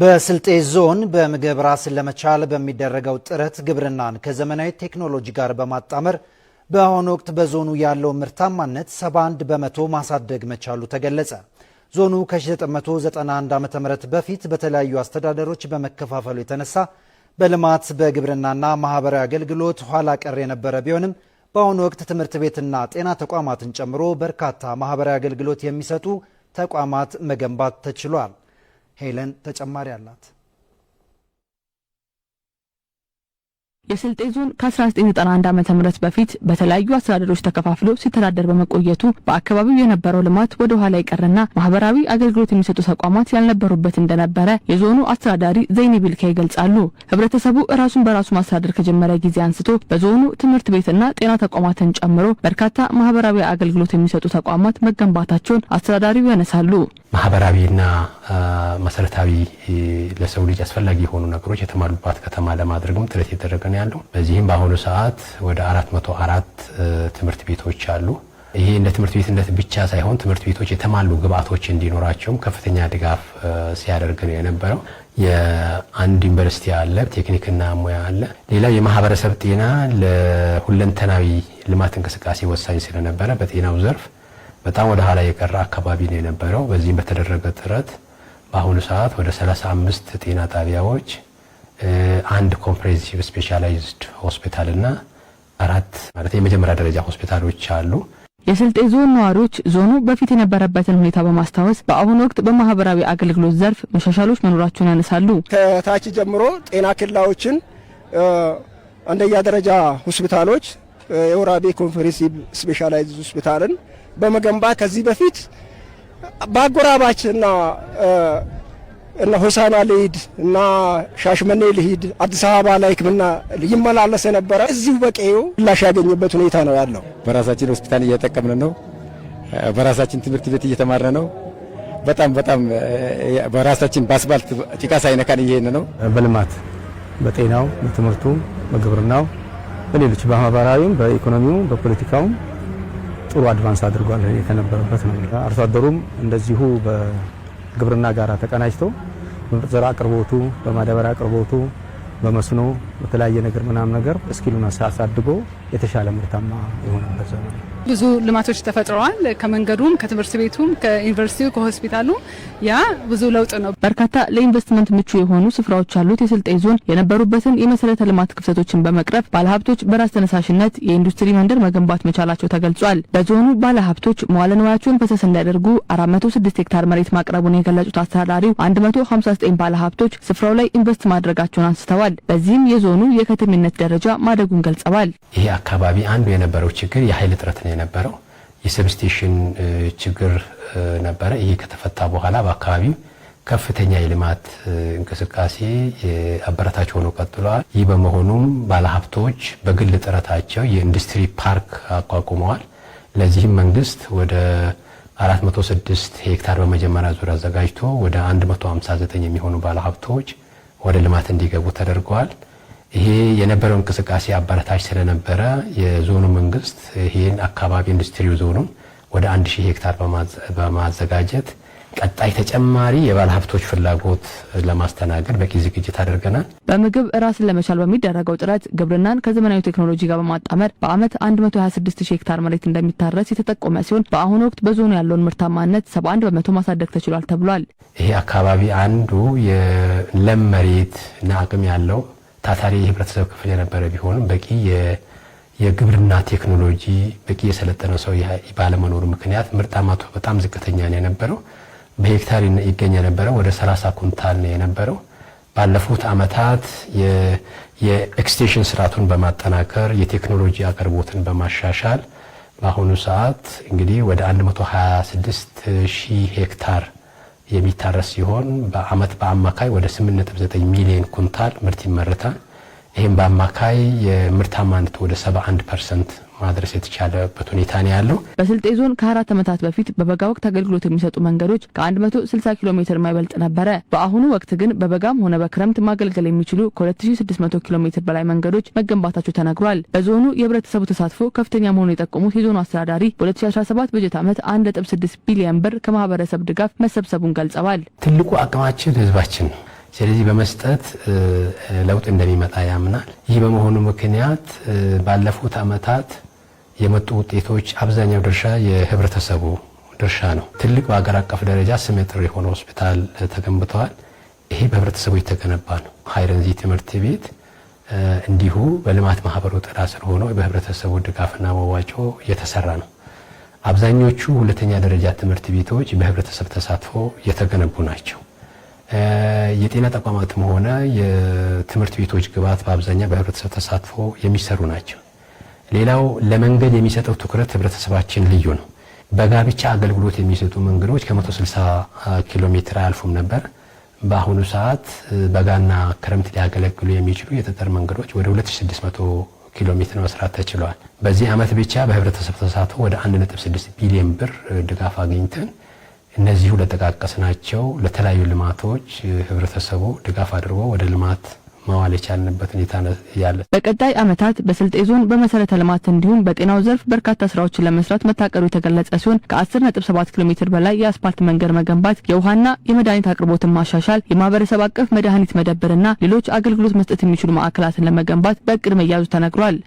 በስልጤ ዞን በምግብ ራስን ለመቻል በሚደረገው ጥረት ግብርናን ከዘመናዊ ቴክኖሎጂ ጋር በማጣመር በአሁኑ ወቅት በዞኑ ያለው ምርታማነት 71 በመቶ ማሳደግ መቻሉ ተገለጸ። ዞኑ ከ1991 ዓ ም በፊት በተለያዩ አስተዳደሮች በመከፋፈሉ የተነሳ በልማት በግብርናና ማህበራዊ አገልግሎት ኋላ ቀር የነበረ ቢሆንም በአሁኑ ወቅት ትምህርት ቤትና ጤና ተቋማትን ጨምሮ በርካታ ማህበራዊ አገልግሎት የሚሰጡ ተቋማት መገንባት ተችሏል። ሄለን ተጨማሪ አላት። የስልጤ ዞን ከ1991 ዓ ም በፊት በተለያዩ አስተዳደሮች ተከፋፍሎ ሲተዳደር በመቆየቱ በአካባቢው የነበረው ልማት ወደ ኋላ ይቀርና ማህበራዊ አገልግሎት የሚሰጡ ተቋማት ያልነበሩበት እንደነበረ የዞኑ አስተዳዳሪ ዘይኒ ቢልካ ይገልጻሉ። ህብረተሰቡ ራሱን በራሱ ማስተዳደር ከጀመረ ጊዜ አንስቶ በዞኑ ትምህርት ቤትና ጤና ተቋማትን ጨምሮ በርካታ ማህበራዊ አገልግሎት የሚሰጡ ተቋማት መገንባታቸውን አስተዳዳሪው ያነሳሉ። ማህበራዊና መሰረታዊ ለሰው ልጅ አስፈላጊ የሆኑ ነገሮች የተሟሉባት ከተማ ለማድረግም ጥረት የተደረገ ነው ያለው። በዚህም በአሁኑ ሰዓት ወደ አራት መቶ አራት ትምህርት ቤቶች አሉ። ይሄ እንደ ትምህርት ቤትነት ብቻ ሳይሆን ትምህርት ቤቶች የተሟሉ ግብአቶች እንዲኖራቸውም ከፍተኛ ድጋፍ ሲያደርግ ነው የነበረው። የአንድ ዩኒቨርሲቲ አለ፣ ቴክኒክና ሙያ አለ። ሌላው የማህበረሰብ ጤና ለሁለንተናዊ ልማት እንቅስቃሴ ወሳኝ ስለነበረ በጤናው ዘርፍ በጣም ወደ ኋላ የቀረ አካባቢ ነው የነበረው። በዚህም በተደረገ ጥረት በአሁኑ ሰዓት ወደ 35 ጤና ጣቢያዎች አንድ ኮምፕሬሄንሲቭ ስፔሻላይዝድ ሆስፒታል እና አራት ማለት የመጀመሪያ ደረጃ ሆስፒታሎች አሉ። የስልጤ ዞን ነዋሪዎች ዞኑ በፊት የነበረበትን ሁኔታ በማስታወስ በአሁኑ ወቅት በማህበራዊ አገልግሎት ዘርፍ መሻሻሎች መኖራቸውን ያነሳሉ። ከታች ጀምሮ ጤና ኬላዎችን፣ አንደኛ ደረጃ ሆስፒታሎች፣ የወራቤ ኮምፕሬሄንሲቭ ስፔሻላይዝድ ሆስፒታልን በመገንባት ከዚህ በፊት በአጎራባችና እና ሆሳና ልሂድ እና ሻሽመኔ ልሂድ አዲስ አበባ ላይ ሕክምና ይመላለስ የነበረ እዚሁ በቀዬው ምላሽ ያገኘበት ሁኔታ ነው ያለው። በራሳችን ሆስፒታል እየጠቀምን ነው። በራሳችን ትምህርት ቤት እየተማረ ነው። በጣም በጣም በራሳችን በአስፋልት ጭቃ ሳይነካን እየሄን ነው። በልማት በጤናው፣ በትምህርቱ፣ በግብርናው፣ በሌሎች በማህበራዊም፣ በኢኮኖሚውም፣ በፖለቲካውም ጥሩ አድቫንስ አድርጓል የተነበረበት ነው። አርሶ አደሩም እንደዚሁ በግብርና ጋር ተቀናጅቶ በዘራ አቅርቦቱ፣ በማዳበሪያ አቅርቦቱ፣ በመስኖ በተለያየ ነገር ምናምን ነገር እስኪሉን አሳድጎ የተሻለ ምርታማ የሆነበት ዘመን ብዙ ልማቶች ተፈጥረዋል። ከመንገዱም፣ ከትምህርት ቤቱም፣ ከዩኒቨርሲቲው፣ ከሆስፒታሉ ያ ብዙ ለውጥ ነው። በርካታ ለኢንቨስትመንት ምቹ የሆኑ ስፍራዎች ያሉት የስልጤ ዞን የነበሩበትን የመሰረተ ልማት ክፍተቶችን በመቅረፍ ባለሀብቶች በራስ ተነሳሽነት የኢንዱስትሪ መንደር መገንባት መቻላቸው ተገልጿል። በዞኑ ባለሀብቶች መዋለ ንዋያቸውን ፈሰስ እንዲያደርጉ 406 ሄክታር መሬት ማቅረቡን የገለጹት አስተዳዳሪው 159 ባለሀብቶች ስፍራው ላይ ኢንቨስት ማድረጋቸውን አንስተዋል። በዚህም የዞኑ የከተሜነት ደረጃ ማደጉን ገልጸዋል። ይሄ አካባቢ አንዱ የነበረው ችግር የኃይል እጥረት ነው የነበረው የሰብስቴሽን ችግር ነበረ። ይህ ከተፈታ በኋላ በአካባቢው ከፍተኛ የልማት እንቅስቃሴ አበረታች ሆኖ ቀጥሏል። ይህ በመሆኑም ባለሀብቶች በግል ጥረታቸው የኢንዱስትሪ ፓርክ አቋቁመዋል። ለዚህም መንግስት ወደ 406 ሄክታር በመጀመሪያ ዙር አዘጋጅቶ ወደ 159 የሚሆኑ ባለሀብቶች ወደ ልማት እንዲገቡ ተደርገዋል። ይሄ የነበረው እንቅስቃሴ አበረታች ስለነበረ የዞኑ መንግስት ይህን አካባቢ ኢንዱስትሪው ዞኑ ወደ 1000 ሄክታር በማዘጋጀት ቀጣይ ተጨማሪ የባለ ሀብቶች ፍላጎት ለማስተናገድ በቂ ዝግጅት አድርገናል። በምግብ ራስን ለመቻል በሚደረገው ጥረት ግብርናን ከዘመናዊ ቴክኖሎጂ ጋር በማጣመር በአመት 126 ሺህ ሄክታር መሬት እንደሚታረስ የተጠቆመ ሲሆን በአሁኑ ወቅት በዞኑ ያለውን ምርታማነት 71 በመቶ ማሳደግ ተችሏል ተብሏል። ይሄ አካባቢ አንዱ የለም መሬት እና አቅም ያለው ታታሪ የህብረተሰብ ክፍል የነበረ ቢሆንም በቂ የግብርና ቴክኖሎጂ በቂ የሰለጠነ ሰው ባለመኖሩ ምክንያት ምርጣማቱ በጣም ዝቅተኛ ነው የነበረው። በሄክታር ይገኝ የነበረው ወደ 30 ኩንታል ነው የነበረው። ባለፉት አመታት የኤክስቴንሽን ስርዓቱን በማጠናከር የቴክኖሎጂ አቅርቦትን በማሻሻል በአሁኑ ሰዓት እንግዲህ ወደ 126 ሺህ ሄክታር የሚታረስ ሲሆን በአመት በአማካይ ወደ 8.9 ሚሊዮን ኩንታል ምርት ይመረታል። ይህም በአማካይ የምርታማነት ወደ 71 ፐርሰንት ማድረስ የተቻለበት ሁኔታ ነው ያለው። በስልጤ ዞን ከአራት ዓመታት በፊት በበጋ ወቅት አገልግሎት የሚሰጡ መንገዶች ከ160 ኪሎ ሜትር የማይበልጥ ነበረ። በአሁኑ ወቅት ግን በበጋም ሆነ በክረምት ማገልገል የሚችሉ ከ2600 ኪሎ ሜትር በላይ መንገዶች መገንባታቸው ተነግሯል። በዞኑ የህብረተሰቡ ተሳትፎ ከፍተኛ መሆኑን የጠቆሙት የዞኑ አስተዳዳሪ በ2017 በጀት ዓመት 1.6 ቢሊዮን ብር ከማህበረሰብ ድጋፍ መሰብሰቡን ገልጸዋል። ትልቁ አቅማችን ህዝባችን ነው። ስለዚህ በመስጠት ለውጥ እንደሚመጣ ያምናል። ይህ በመሆኑ ምክንያት ባለፉት ዓመታት የመጡ ውጤቶች አብዛኛው ድርሻ የህብረተሰቡ ድርሻ ነው። ትልቅ በሀገር አቀፍ ደረጃ ስመ የሆነ ሆስፒታል ተገንብተዋል። ይሄ በህብረተሰቡ የተገነባ ነው። ሀይረንዚ ትምህርት ቤት እንዲሁ በልማት ማህበሩ ጥላ ስር ሆኖ በህብረተሰቡ ድጋፍና መዋጮ የተሰራ ነው። አብዛኞቹ ሁለተኛ ደረጃ ትምህርት ቤቶች በህብረተሰብ ተሳትፎ የተገነቡ ናቸው። የጤና ተቋማትም ሆነ የትምህርት ቤቶች ግብዓት በአብዛኛው በህብረተሰብ ተሳትፎ የሚሰሩ ናቸው። ሌላው ለመንገድ የሚሰጠው ትኩረት ህብረተሰባችን ልዩ ነው። በጋብቻ አገልግሎት የሚሰጡ መንገዶች ከ160 ኪሎ ሜትር አያልፉም ነበር። በአሁኑ ሰዓት በጋና ክረምት ሊያገለግሉ የሚችሉ የጠጠር መንገዶች ወደ 2600 ኪሎ ሜትር መስራት ተችሏል። በዚህ ዓመት ብቻ በህብረተሰብ ተሳትፎ ወደ 1.6 ቢሊዮን ብር ድጋፍ አግኝተን እነዚህ ሁለት ጠቃቀስናቸው ለተለያዩ ልማቶች ህብረተሰቡ ድጋፍ አድርጎ ወደ ልማት መዋል የቻልንበት ሁኔታ ያለ። በቀጣይ ዓመታት በስልጤ ዞን በመሰረተ ልማት እንዲሁም በጤናው ዘርፍ በርካታ ስራዎችን ለመስራት መታቀዱ የተገለጸ ሲሆን ከ10.7 ኪሎ ሜትር በላይ የአስፓልት መንገድ መገንባት፣ የውሃና የመድኃኒት አቅርቦትን ማሻሻል፣ የማህበረሰብ አቀፍ መድኃኒት መደብርና ሌሎች አገልግሎት መስጠት የሚችሉ ማዕከላትን ለመገንባት በእቅድ መያዙ ተነግሯል።